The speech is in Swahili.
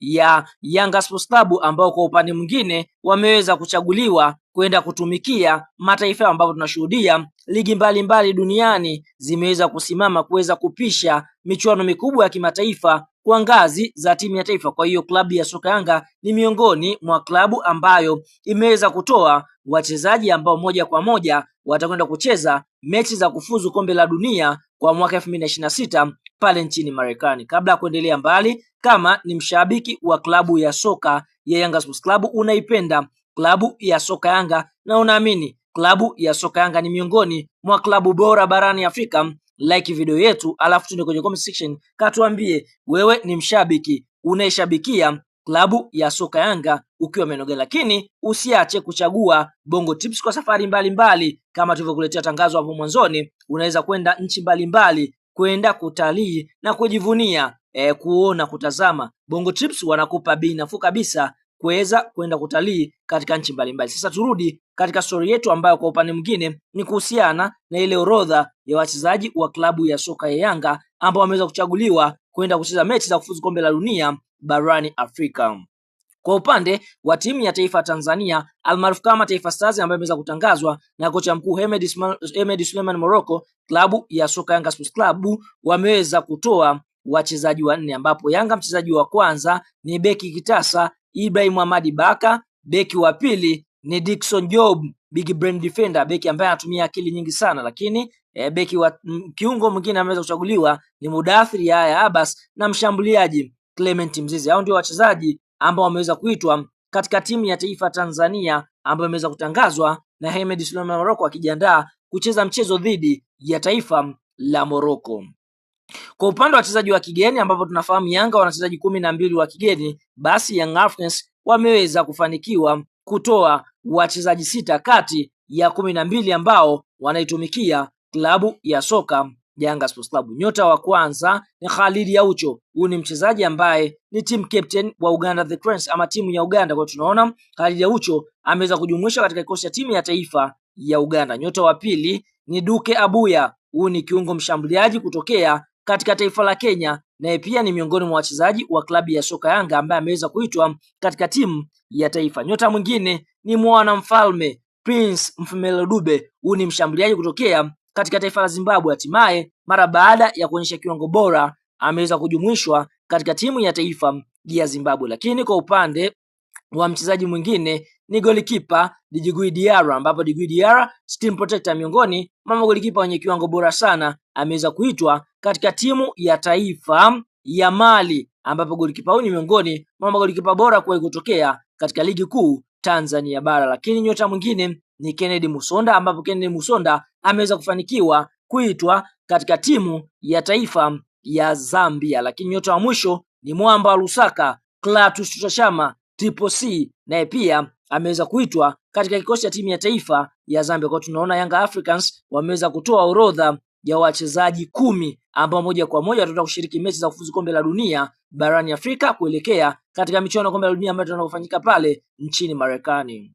ya Yanga Sports Club ambao kwa upande mwingine wameweza kuchaguliwa kwenda kutumikia mataifa ambapo tunashuhudia ligi mbalimbali mbali duniani zimeweza kusimama kuweza kupisha michuano mikubwa ya kimataifa kwa ngazi za timu ya taifa. Kwa hiyo klabu ya soka Yanga ni miongoni mwa klabu ambayo imeweza kutoa wachezaji ambao moja kwa moja watakwenda kucheza mechi za kufuzu kombe la dunia kwa mwaka elfu mbili na ishirini na sita pale nchini Marekani. Kabla ya kuendelea mbali, kama ni mshabiki wa klabu ya soka ya Yanga Sports Club, unaipenda klabu ya soka Yanga na unaamini klabu ya soka Yanga ni miongoni mwa klabu bora barani Afrika, like video yetu, alafu tuende kwenye comment section, katuambie wewe ni mshabiki unaishabikia klabu ya soka Yanga ukiwa gani, lakini usiache kuchagua Bongo Tips kwa safari mbalimbali mbali. Kama tulivyokuletea tangazo hapo mwanzoni, unaweza kwenda nchi mbalimbali kwenda kutalii na kujivunia e, kuona kutazama. Bongo Trips wanakupa bei nafuu kabisa kuweza kwenda kutalii katika nchi mbalimbali. Sasa turudi katika stori yetu ambayo kwa upande mwingine ni kuhusiana na ile orodha ya wachezaji wa klabu ya soka ya Yanga ambao wameweza kuchaguliwa kwenda kucheza mechi za kufuzu kombe la dunia barani Afrika. Kwa upande wa timu ya taifa Tanzania almaarufu kama Taifa Stars ambayo imeweza kutangazwa na kocha mkuu Hemed Suleiman Morocco, klabu ya soka Yanga Sports Club wameweza kutoa wachezaji wanne, ambapo Yanga mchezaji wa kwanza ni beki kitasa Ibrahim Ahmadi Baka, beki wa pili ni Dickson Job, big brain defender, beki ambaye anatumia akili nyingi sana lakini E, beki wa mm, kiungo mwingine ameweza kuchaguliwa ni Mudathiri Yahya Abbas na mshambuliaji Clement Mzize. Hao ndio wachezaji ambao wameweza kuitwa katika timu ya taifa Tanzania ambayo imeweza kutangazwa na Hemed Suleiman Morocco akijiandaa kucheza mchezo dhidi ya taifa la Morocco. Kwa upande wa wachezaji wa kigeni ambapo tunafahamu Yanga wana wachezaji kumi na mbili wa kigeni, basi Young Africans wameweza kufanikiwa kutoa wachezaji sita kati ya kumi na mbili ambao wanaitumikia klabu ya soka Yanga Sports Club. Nyota wa kwanza ni Khalid Yaucho. Huyu ni mchezaji ambaye ni team captain wa Uganda The Cranes ama timu ya Uganda. Kwa tunaona Khalid Yaucho ameweza kujumuishwa katika kikosi cha timu ya taifa ya Uganda. Nyota wa pili ni Duke Abuya. Huyu ni kiungo mshambuliaji kutokea katika taifa la Kenya, naye pia ni miongoni mwa wachezaji wa klabu ya soka Yanga ambaye ameweza kuitwa katika timu ya taifa. Nyota mwingine ni mwana mfalme Prince Mfumelo Dube. Huyu ni mshambuliaji kutokea katika taifa la Zimbabwe. Hatimaye mara baada ya kuonyesha kiwango bora ameweza kujumuishwa katika timu ya taifa ya Zimbabwe. Lakini kwa upande wa mchezaji mwingine ni golikipa Djigui Diarra, ambapo Djigui Diarra steam protector, miongoni mwa magolikipa wenye kiwango bora sana, ameweza kuitwa katika timu ya taifa ya Mali, ambapo golikipa huyu ni miongoni mwa magolikipa bora kuwahi kutokea katika ligi kuu Tanzania bara. Lakini nyota mwingine ni Kennedy Musonda, ambapo Kennedy Musonda ameweza kufanikiwa kuitwa katika timu ya taifa ya Zambia, lakini nyota wa mwisho ni mwamba wa Lusaka Clatous Chama Triple C naye pia ameweza kuitwa katika kikosi cha timu ya taifa ya Zambia. Kwa tunaona Young Africans wameweza kutoa orodha ya wachezaji kumi ambao moja kwa moja wataenda kushiriki mechi za kufuzu kombe la dunia barani Afrika kuelekea katika michuano ya kombe la dunia ambayo tunakofanyika pale nchini Marekani.